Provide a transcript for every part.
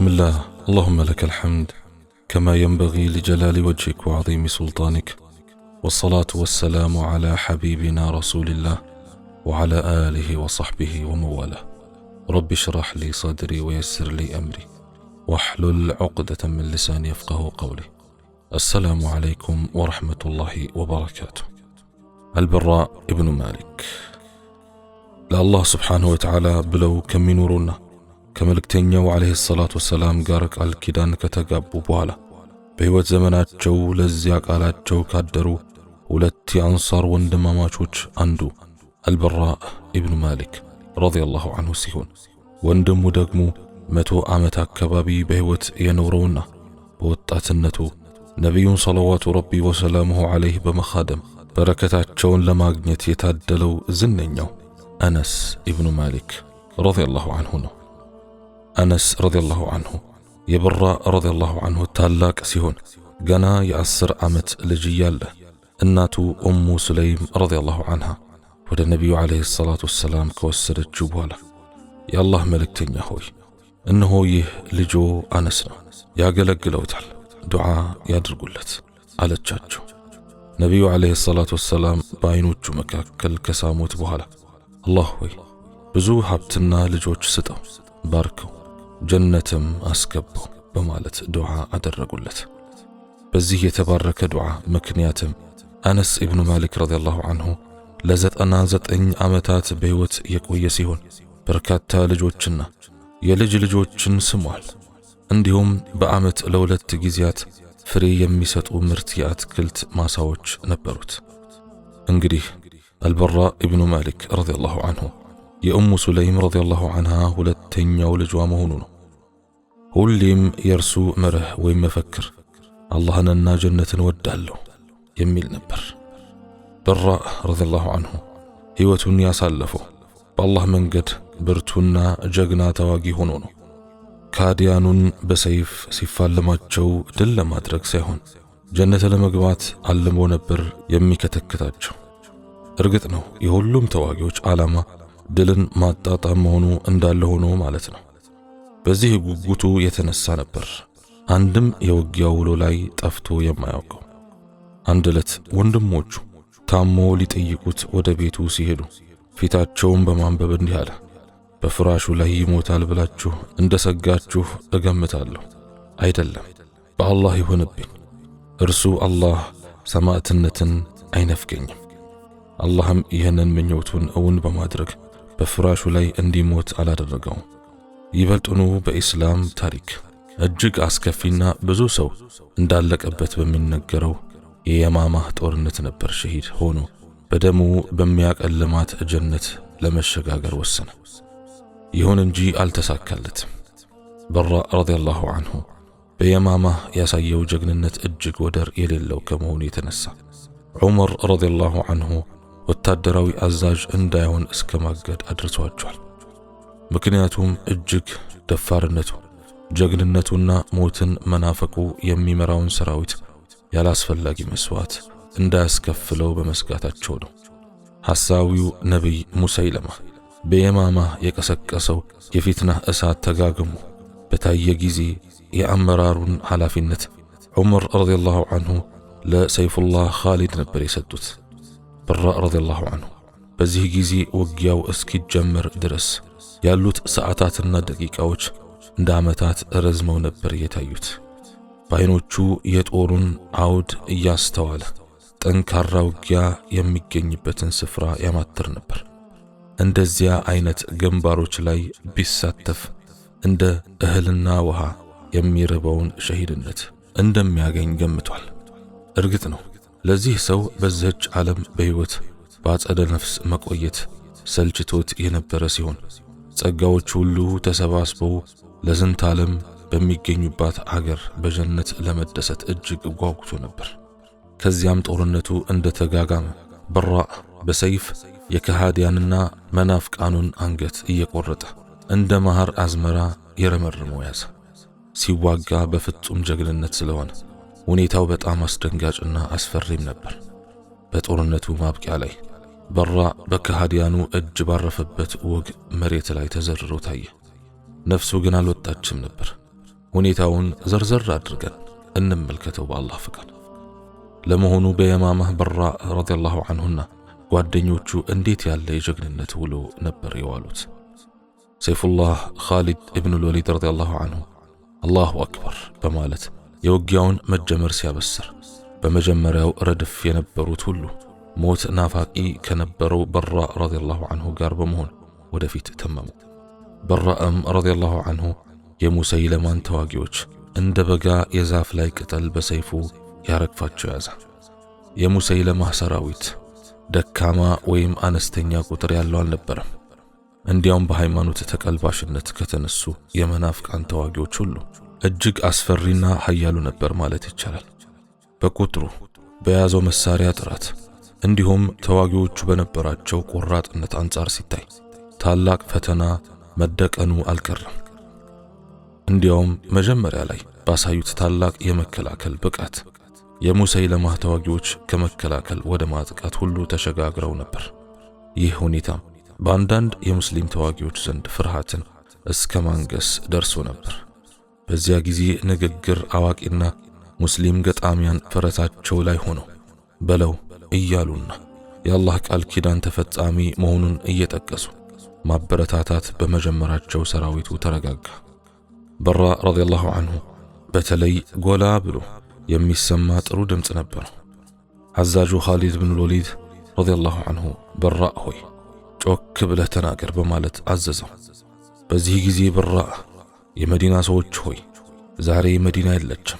بسم الله اللهم لك الحمد كما ينبغي لجلال وجهك وعظيم سلطانك والصلاة والسلام على حبيبنا رسول الله وعلى آله وصحبه ومواله رب اشرح لي صدري ويسر لي أمري واحلل عقدة من لساني يفقه قولي السلام عليكم ورحمة الله وبركاته البراء ابن مالك لا الله سبحانه وتعالى بلو كم نورنا ከመልእክተኛው ዓለይሂ ሰላቱ ወሰላም ጋር ቃል ኪዳን ከተጋቡ በኋላ በሕይወት ዘመናቸው ለዚያ ቃላቸው ካደሩ ሁለት የአንሳር ወንድማማቾች አንዱ አልበራ ኢብኑ ማሊክ ረዲየላሁ አንሁ ሲሆን ወንድሙ ደግሞ መቶ ዓመት አካባቢ በሕይወት የኖረውና በወጣትነቱ ነቢዩን ሰለዋቱ ረቢ ወሰላሙሁ ዓለይህ በመኻደም በረከታቸውን ለማግኘት የታደለው ዝነኛው አነስ ኢብኑ ማሊክ ረዲየላሁ አንሁ ነው። አነስ ረዲየላሁ አንሁ የበራ ረዲየላሁ አንሁ ታላቅ ሲሆን ገና የአስር ዓመት ልጅ እያለ እናቱ ኡሙ ሱለይም ረዲየላሁ አንሃ ወደ ነቢዩ ዓለይሂ ሰላቱ ወሰላም ከወሰደችው በኋላ የአላህ መልእክተኛ ሆይ እነሆ ይህ ልጆ አነስ ነው፣ ያገለግለውታል፣ ዱዓ ያድርጉለት አለቻቸው። ነቢዩ ዓለይሂ ሰላቱ ወሰላም በዐይኖቹ መካከል ከሳሙት በኋላ አላህ ሆይ ብዙ ሀብትና ልጆች ስጠው፣ ባርከው ጀነትም አስገባው በማለት ዱዓ አደረጉለት። በዚህ የተባረከ ዱዓ ምክንያትም አነስ ኢብኑ ማሊክ ረዲየላሁ አንሁ ለዘጠና ዘጠኝ ዓመታት በሕይወት የቆየ ሲሆን በርካታ ልጆችና የልጅ ልጆችን ስሟል። እንዲሁም በዓመት ለሁለት ጊዜያት ፍሬ የሚሰጡ ምርት የአትክልት ማሳዎች ነበሩት። እንግዲህ አልበራ ኢብኑ ማሊክ ረዲየላሁ አንሁ የኡሙ ሱለይም ረዲየላሁ አንሃ ሁለተኛው ልጇ መሆኑ ነው። ሁሌም የእርሱ መርህ ወይም መፈክር አላህንና ጀነትን ወዳለሁ የሚል ነበር። በራእ ረዲየላሁ አንሁ ሕይወቱን ያሳለፈው በአላህ መንገድ ብርቱና ጀግና ተዋጊ ሆኖ ነው። ካዲያኑን በሰይፍ ሲፋለማቸው ድል ለማድረግ ሳይሆን ጀነት ለመግባት አልሞ ነበር የሚከተክታቸው። እርግጥ ነው የሁሉም ተዋጊዎች ዓላማ ድልን ማጣጣም መሆኑ እንዳለ ሆኖ ማለት ነው። በዚህ ጉጉቱ የተነሳ ነበር አንድም የውጊያ ውሎ ላይ ጠፍቶ የማያውቀው። አንድ ዕለት ወንድሞቹ ታሞ ሊጠይቁት ወደ ቤቱ ሲሄዱ ፊታቸውን በማንበብ እንዲህ አለ። በፍራሹ ላይ ይሞታል ብላችሁ እንደ ሰጋችሁ እገምታለሁ። አይደለም፣ በአላህ ይሆንብኝ። እርሱ አላህ ሰማዕትነትን አይነፍገኝም። አላህም ይህንን ምኞቱን እውን በማድረግ በፍራሹ ላይ እንዲሞት አላደረገውም ይበልጡኑ በኢስላም ታሪክ እጅግ አስከፊና ብዙ ሰው እንዳለቀበት በሚነገረው የየማማህ ጦርነት ነበር ሸሂድ ሆኖ በደሙ በሚያቀልማት ጀነት ለመሸጋገር ወሰነ። ይሁን እንጂ አልተሳካለትም። በራ ረዲየላሁ አንሁ በየማማህ ያሳየው ጀግንነት እጅግ ወደር የሌለው ከመሆኑ የተነሳ ዑመር ረዲየላሁ አንሁ ወታደራዊ አዛዥ እንዳይሆን እስከ ማገድ አድርሷቸዋል። ምክንያቱም እጅግ ደፋርነቱ፣ ጀግንነቱና ሞትን መናፈቁ የሚመራውን ሰራዊት ያላስፈላጊ መስዋዕት እንዳያስከፍለው በመስጋታቸው ነው። ሐሳዊው ነቢይ ሙሰይለማ በየማማ የቀሰቀሰው የፊትና እሳት ተጋግሞ በታየ ጊዜ የአመራሩን ኃላፊነት ዑመር ረዲየላሁ አንሁ ለሰይፉላህ ኻሊድ ነበር የሰጡት። በራእ ረዲየላሁ አንሁ በዚህ ጊዜ ውጊያው እስኪጀመር ድረስ ያሉት ሰዓታትና ደቂቃዎች እንደ ዓመታት ረዝመው ነበር የታዩት። በዐይኖቹ የጦሩን አውድ እያስተዋለ ጠንካራ ውጊያ የሚገኝበትን ስፍራ ያማትር ነበር። እንደዚያ አይነት ግንባሮች ላይ ቢሳተፍ እንደ እህልና ውሃ የሚርበውን ሸሂድነት እንደሚያገኝ ገምቷል። እርግጥ ነው ለዚህ ሰው በዚህች ዓለም በሕይወት በአጸደ ነፍስ መቆየት ሰልችቶት የነበረ ሲሆን ጸጋዎች ሁሉ ተሰባስበው ለዝንተ ዓለም በሚገኙባት አገር በጀነት ለመደሰት እጅግ ጓጉቶ ነበር። ከዚያም ጦርነቱ እንደ ተጋጋመ በራዕ በሰይፍ የከሃዲያንና መናፍቃኑን አንገት እየቆረጠ እንደ መሃር አዝመራ የረመርመው ያዘ። ሲዋጋ በፍጹም ጀግንነት ስለሆነ ሁኔታው በጣም አስደንጋጭና አስፈሪም ነበር። በጦርነቱ ማብቂያ ላይ በራ በከሃዲያኑ እጅ ባረፈበት ወግ መሬት ላይ ተዘርሮ ታየ። ነፍሱ ግን አልወጣችም ነበር። ሁኔታውን ዘርዘር አድርገን እንመልከተው በአላህ ፍቃድ። ለመሆኑ በየማማህ በራ ረዲየላሁ አንሁና ጓደኞቹ እንዴት ያለ የጀግንነት ውሎ ነበር የዋሉት? ሰይፉላህ ኻሊድ ኢብኑል ወሊድ ረዲየላሁ ዐንሁ አላሁ አክበር በማለት የውጊያውን መጀመር ሲያበስር በመጀመሪያው ረድፍ የነበሩት ሁሉ ሞት ናፋቂ ከነበረው በራ ረዲየላሁ አንሁ ጋር በመሆን ወደፊት ተመሙ። በራእም ረዲየላሁ አንሁ የሙሰይለማን ተዋጊዎች እንደ በጋ የዛፍ ላይ ቅጠል በሰይፉ ያረግፋቸው ያዘ። የሙሰይለማ ሰራዊት ደካማ ወይም አነስተኛ ቁጥር ያለው አልነበረም። እንዲያውም በሃይማኖት ተቀልባሽነት ከተነሱ የመናፍቃን ተዋጊዎች ሁሉ እጅግ አስፈሪና ኃያሉ ነበር ማለት ይቻላል። በቁጥሩ በያዘው መሳሪያ ጥራት፣ እንዲሁም ተዋጊዎቹ በነበራቸው ቆራጥነት አንጻር ሲታይ ታላቅ ፈተና መደቀኑ አልቀረም። እንዲያውም መጀመሪያ ላይ ባሳዩት ታላቅ የመከላከል ብቃት የሙሰይለማ ተዋጊዎች ከመከላከል ወደ ማጥቃት ሁሉ ተሸጋግረው ነበር። ይህ ሁኔታም በአንዳንድ የሙስሊም ተዋጊዎች ዘንድ ፍርሃትን እስከ ማንገስ ደርሶ ነበር። በዚያ ጊዜ ንግግር አዋቂና ሙስሊም ገጣሚያን ፈረሳቸው ላይ ሆነው በለው እያሉና የአላህ ቃል ኪዳን ተፈጻሚ መሆኑን እየጠቀሱ ማበረታታት በመጀመራቸው ሰራዊቱ ተረጋጋ። በራ ረዲየላሁ አንሁ በተለይ ጎላ ብሎ የሚሰማ ጥሩ ድምፅ ነበረው። አዛዡ ኻሊድ ብን ልወሊድ ረዲየላሁ አንሁ በራ ሆይ ጮክ ብለህ ተናገር በማለት አዘዘው። በዚህ ጊዜ በራ የመዲና ሰዎች ሆይ ዛሬ መዲና የለችም፣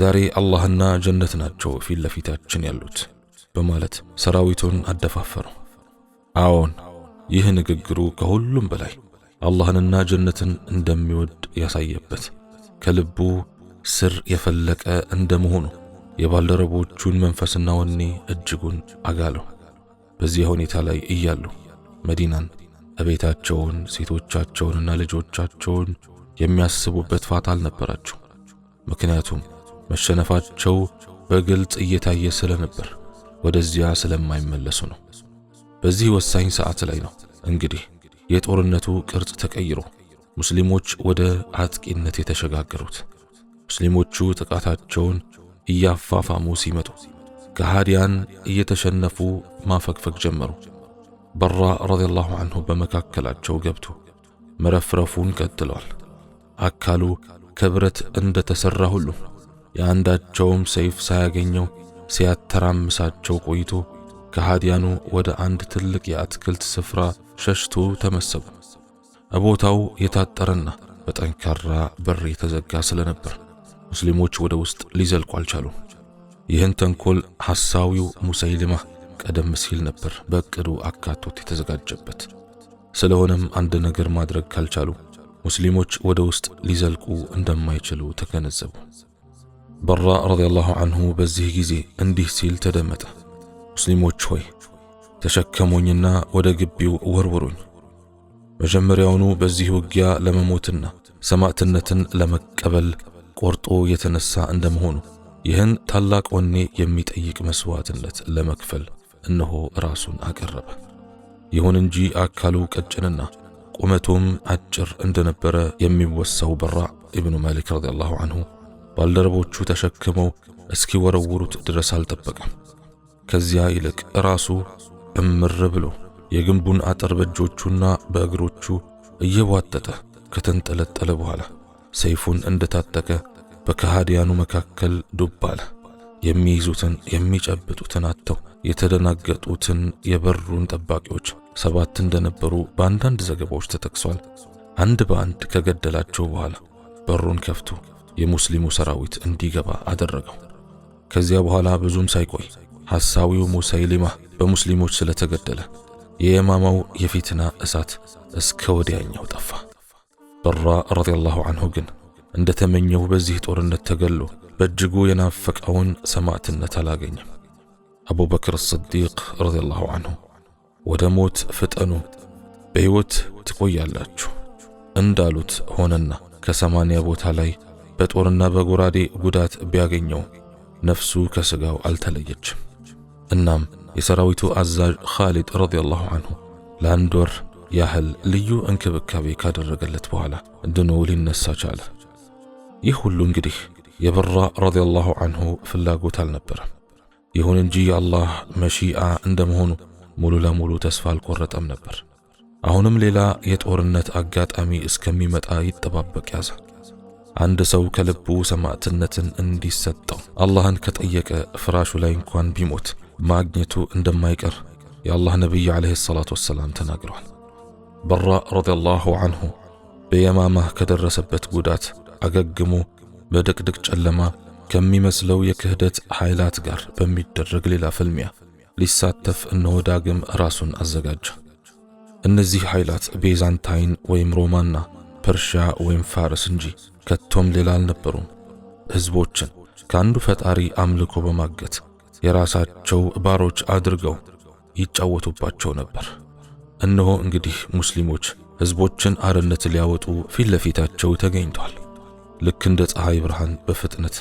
ዛሬ አላህና ጀነት ናቸው ፊት ለፊታችን ያሉት በማለት ሰራዊቱን አደፋፈሩ። አዎን ይህ ንግግሩ ከሁሉም በላይ አላህንና ጀነትን እንደሚወድ ያሳየበት ከልቡ ስር የፈለቀ እንደመሆኑ የባልደረቦቹን መንፈስና ወኔ እጅጉን አጋለው። በዚያ ሁኔታ ላይ እያሉ መዲናን እቤታቸውን ሴቶቻቸውንና ልጆቻቸውን የሚያስቡበት ፋታ አልነበራቸው። ምክንያቱም መሸነፋቸው በግልጽ እየታየ ስለነበር ወደዚያ ስለማይመለሱ ነው። በዚህ ወሳኝ ሰዓት ላይ ነው እንግዲህ የጦርነቱ ቅርጽ ተቀይሮ ሙስሊሞች ወደ አጥቂነት የተሸጋገሩት። ሙስሊሞቹ ጥቃታቸውን እያፋፋሙ ሲመጡ ከሃዲያን እየተሸነፉ ማፈግፈግ ጀመሩ። በራ ረዲየላሁ አንሁ በመካከላቸው ገብቶ መረፍረፉን ቀጥለዋል። አካሉ ከብረት እንደ ተሠራ ሁሉ የአንዳቸውም ሰይፍ ሳያገኘው ሲያተራምሳቸው ቆይቶ ከሃዲያኑ ወደ አንድ ትልቅ የአትክልት ስፍራ ሸሽቶ ተመሰቡ። ቦታው የታጠረና በጠንካራ በር የተዘጋ ስለነበር ሙስሊሞች ወደ ውስጥ ሊዘልቁ አልቻሉ። ይህን ተንኮል ሐሳዊው ሙሰይልማ ቀደም ሲል ነበር በእቅዱ አካቶት የተዘጋጀበት። ስለሆነም አንድ ነገር ማድረግ ካልቻሉ ሙስሊሞች ወደ ውስጥ ሊዘልቁ እንደማይችሉ ተገነዘቡ። በራ ረዲየላሁ አንሁ በዚህ ጊዜ እንዲህ ሲል ተደመጠ። ሙስሊሞች ሆይ ተሸከሙኝና ወደ ግቢው ወርውሩኝ። መጀመሪያውኑ በዚህ ውጊያ ለመሞትና ሰማዕትነትን ለመቀበል ቆርጦ የተነሳ እንደመሆኑ ይህን ታላቅ ወኔ የሚጠይቅ መስዋዕትነት ለመክፈል እነሆ ራሱን አቀረበ። ይሁን እንጂ አካሉ ቀጭንና ቁመቱም አጭር እንደነበረ የሚወሳው በራ ኢብኑ ማሊክ ረዲያላሁ አንሁ ባልደረቦቹ ተሸክመው እስኪወረውሩት ድረስ አልጠበቀም። ከዚያ ይልቅ ራሱ እምር ብሎ የግንቡን አጥር በእጆቹና በእግሮቹ እየቧጠጠ ከተንጠለጠለ በኋላ ሰይፉን እንደታጠቀ በከሃዲያኑ መካከል ዱብ አለ። የሚይዙትን የሚጨብጡትን አጥተው የተደናገጡትን የበሩን ጠባቂዎች ሰባት እንደነበሩ በአንዳንድ ዘገባዎች ተጠቅሷል። አንድ በአንድ ከገደላቸው በኋላ በሩን ከፍቶ የሙስሊሙ ሰራዊት እንዲገባ አደረገው። ከዚያ በኋላ ብዙም ሳይቆይ ሐሳዊው ሙሰይሊማ በሙስሊሞች ስለተገደለ የየማማው የፊትና እሳት እስከ ወዲያኛው ጠፋ። በራ ረዲየላሁ አንሁ ግን እንደ ተመኘው በዚህ ጦርነት ተገሎ በእጅጉ የናፈቀውን ሰማዕትነት አላገኘም። አቡበክር ስዲቅ ረዲየላሁ አንሁ ወደ ሞት ፍጠኑ፣ በሕይወት ትቆያላችሁ እንዳሉት ሆነና ከሰማንያ ቦታ ላይ በጦርና በጎራዴ ጉዳት ቢያገኘው ነፍሱ ከስጋው አልተለየችም። እናም የሰራዊቱ አዛዥ ኻሊድ ረዲየላሁ አንሁ ለአንድ ወር ያህል ልዩ እንክብካቤ ካደረገለት በኋላ ድኖ ሊነሳ ቻለ። ይህ ሁሉ እንግዲህ የበራ ረዲየላሁ አንሁ ፍላጎት አልነበረም። ይሁን እንጂ የአላህ መሺአ እንደመሆኑ ሙሉ ለሙሉ ተስፋ አልቆረጠም ነበር። አሁንም ሌላ የጦርነት አጋጣሚ እስከሚመጣ ይጠባበቅ ያዘ። አንድ ሰው ከልቡ ሰማዕትነትን እንዲሰጠው አላህን ከጠየቀ ፍራሹ ላይ እንኳን ቢሞት ማግኘቱ እንደማይቀር የአላህ ነቢይ ዓለይሂ ሰላቱ ወሰላም ተናግረዋል። በራ ረዲየላሁ አንሁ በየማማ ከደረሰበት ጉዳት አገግሞ በድቅድቅ ጨለማ ከሚመስለው የክህደት ኃይላት ጋር በሚደረግ ሌላ ፍልሚያ ሊሳተፍ እነሆ ዳግም ራሱን አዘጋጀ። እነዚህ ኃይላት ቤዛንታይን ወይም ሮማና ፐርሺያ ወይም ፋርስ እንጂ ከቶም ሌላ አልነበሩም። ሕዝቦችን ከአንዱ ፈጣሪ አምልኮ በማገት የራሳቸው ባሮች አድርገው ይጫወቱባቸው ነበር። እነሆ እንግዲህ ሙስሊሞች ሕዝቦችን አርነት ሊያወጡ ፊት ለፊታቸው ተገኝቷል። ልክ እንደ ፀሐይ ብርሃን በፍጥነት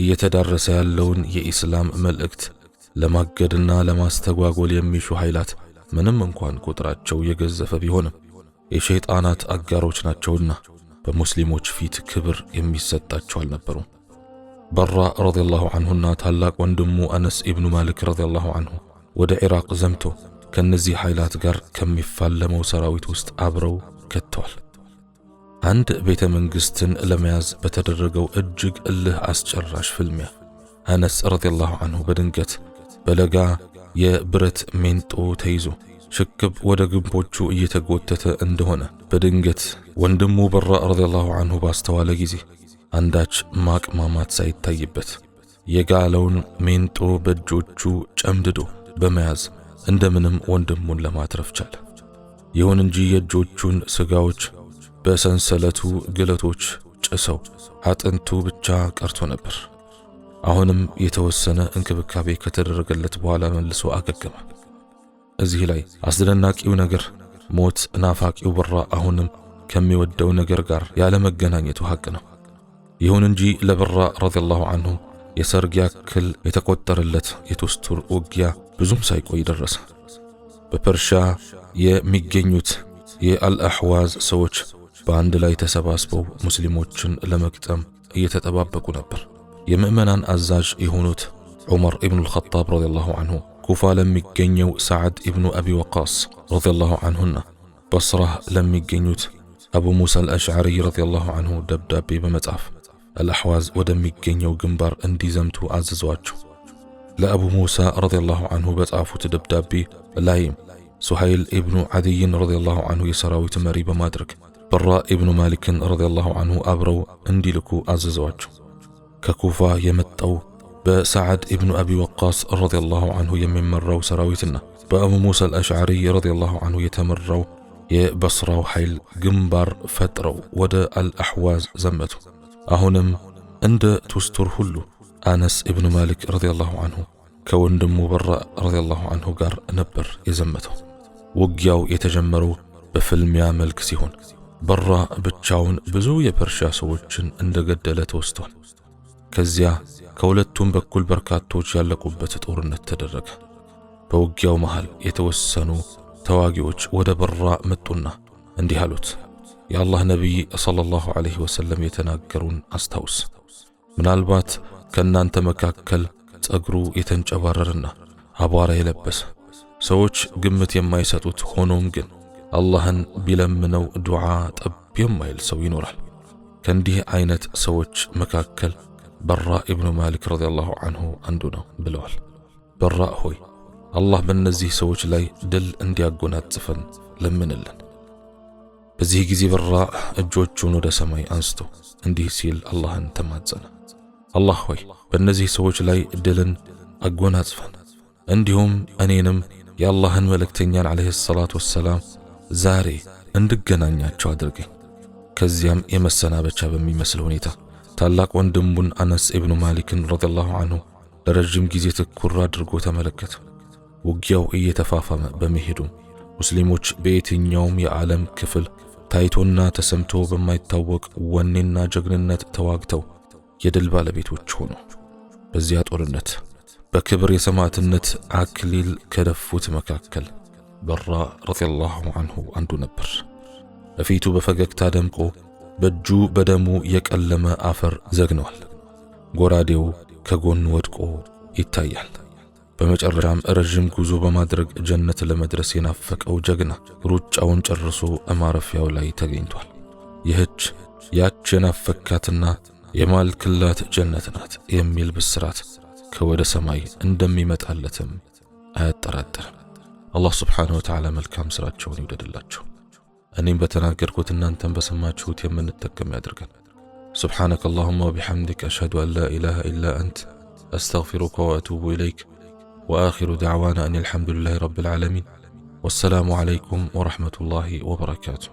እየተዳረሰ ያለውን የኢስላም መልእክት ለማገድና ለማስተጓጎል የሚሹ ኃይላት ምንም እንኳን ቁጥራቸው የገዘፈ ቢሆንም የሸይጣናት አጋሮች ናቸውና በሙስሊሞች ፊት ክብር የሚሰጣቸው አልነበሩም። በራ ረዲየላሁ ዐንሁና ታላቅ ወንድሙ አነስ ኢብኑ ማሊክ ረዲየላሁ አንሁ ወደ ኢራቅ ዘምቶ ከእነዚህ ኃይላት ጋር ከሚፋለመው ሰራዊት ውስጥ አብረው ከትተዋል። አንድ ቤተ መንግሥትን ለመያዝ በተደረገው እጅግ እልህ አስጨራሽ ፍልሚያ አነስ ረዲየላሁ አንሁ በድንገት በለጋ የብረት ሜንጦ ተይዞ ሽክብ ወደ ግንቦቹ እየተጎተተ እንደሆነ በድንገት ወንድሙ በራ ረዲየላሁ አንሁ ባስተዋለ ጊዜ አንዳች ማቅማማት ሳይታይበት የጋለውን ሜንጦ በእጆቹ ጨምድዶ በመያዝ እንደምንም ወንድሙን ለማትረፍ ቻለ። ይሁን እንጂ የእጆቹን ስጋዎች በሰንሰለቱ ግለቶች ጭሰው አጥንቱ ብቻ ቀርቶ ነበር። አሁንም የተወሰነ እንክብካቤ ከተደረገለት በኋላ መልሶ አገገመ። እዚህ ላይ አስደናቂው ነገር ሞት ናፋቂው ብራ አሁንም ከሚወደው ነገር ጋር ያለመገናኘቱ ሐቅ ነው። ይሁን እንጂ ለብራ ረዲየላሁ አንሁ የሰርግ ያክል የተቆጠረለት የቶስቱር ውጊያ ብዙም ሳይቆይ ደረሰ። በፐርሻ የሚገኙት የአልአሕዋዝ ሰዎች በአንድ ላይ ተሰባስበው ሙስሊሞችን ለመግጠም እየተጠባበቁ ነበር። يمئمنان أزاج إهونوت عمر ابن الخطاب رضي الله عنه كفا لم سعد ابن أبي وقاص رضي الله عنهن بصرة لم جنيوت أبو موسى الأشعري رضي الله عنه دبدبي بمتعف الأحواز ودم جنيو جنبر اندي زمتو أززواتشو لأبو موسى رضي الله عنه بتعفو تدبدبي لايم سهيل ابن عدي رضي الله عنه يسراوي تماري مادرك براء ابن مالك رضي الله عنه أبرو اندي لكو أززواتشو ككوفا يمتو بسعد ابن أبي وقاص رضي الله عنه يمن مرو سراويتنا بأبو موسى الأشعري رضي الله عنه يتمرو يبصرة وحيل جنبر فترو ودا الأحواز زمته أهنم عند تستر هلو آنس ابن مالك رضي الله عنه كوندم مبرأ رضي الله عنه قر نبر يزمته وقياو يتجمرو بفيلم يا ملك سيهون برا بتشاون بزو يبرشا سوتشن عند قدلت توستون ከዚያ ከሁለቱም በኩል በርካቶች ያለቁበት ጦርነት ተደረገ። በውጊያው መሃል የተወሰኑ ተዋጊዎች ወደ በራ መጡና እንዲህ አሉት፣ የአላህ ነቢይ ሰለላሁ ዐለይሂ ወሰለም የተናገሩን አስታውስ። ምናልባት ከእናንተ መካከል ጸጉሩ የተንጨባረርና አቧራ የለበሰ ሰዎች ግምት የማይሰጡት ሆኖም ግን አላህን ቢለምነው ዱዓ ጠብ የማይል ሰው ይኖራል። ከእንዲህ አይነት ሰዎች መካከል በራ ኢብኑ ማሊክ ረዲያላሁ አንሁ አንዱ ነው ብለዋል። በራእ ሆይ አላህ በእነዚህ ሰዎች ላይ ድል እንዲያጎናጽፈን ለምንልን። በዚህ ጊዜ በራ እጆቹን ወደ ሰማይ አንስቶ እንዲህ ሲል አላህን ተማጸነ። አላህ ሆይ በእነዚህ ሰዎች ላይ ድልን አጎናጽፈን፣ እንዲሁም እኔንም የአላህን መልእክተኛን ዓለይሂ ሰላቱ ወሰላም ዛሬ እንድገናኛቸው አድርገኝ። ከዚያም የመሰናበቻ በሚመስል ሁኔታ ታላቅ ወንድሙን አነስ ኢብኑ ማሊክን ረዲየላሁ አንሁ ለረዥም ጊዜ ትኩር አድርጎ ተመለከተ። ውጊያው እየተፋፋመ በመሄዱ ሙስሊሞች በየትኛውም የዓለም ክፍል ታይቶና ተሰምቶ በማይታወቅ ወኔና ጀግንነት ተዋግተው የድል ባለቤቶች ሆኑ። በዚያ ጦርነት በክብር የሰማዕትነት አክሊል ከደፉት መካከል በራ ረዲየላሁ አንሁ አንዱ ነበር። በፊቱ በፈገግታ ደምቆ በእጁ በደሙ የቀለመ አፈር ዘግኗል። ጎራዴው ከጎን ወድቆ ይታያል። በመጨረሻም ረዥም ጉዞ በማድረግ ጀነት ለመድረስ የናፈቀው ጀግና ሩጫውን ጨርሶ ማረፊያው ላይ ተገኝቷል። ይህች ያች የናፈካትና የማልክላት ጀነት ናት የሚል ብስራት ከወደ ሰማይ እንደሚመጣለትም አያጠራጥርም። አላህ ስብሓንሁ ወተዓላ መልካም ሥራቸውን ይውደድላቸው። እኔም በተናገርኩት እናንተም በሰማችሁት የምንጠቀም ያድርገን። سبحانك اللهم وبحمدك أشهد أن لا إله إلا أنت أستغفرك وأتوب إليك وآخر دعوانا أن الحمد لله رب العالمين والسلام عليكم ورحمة الله وبركاته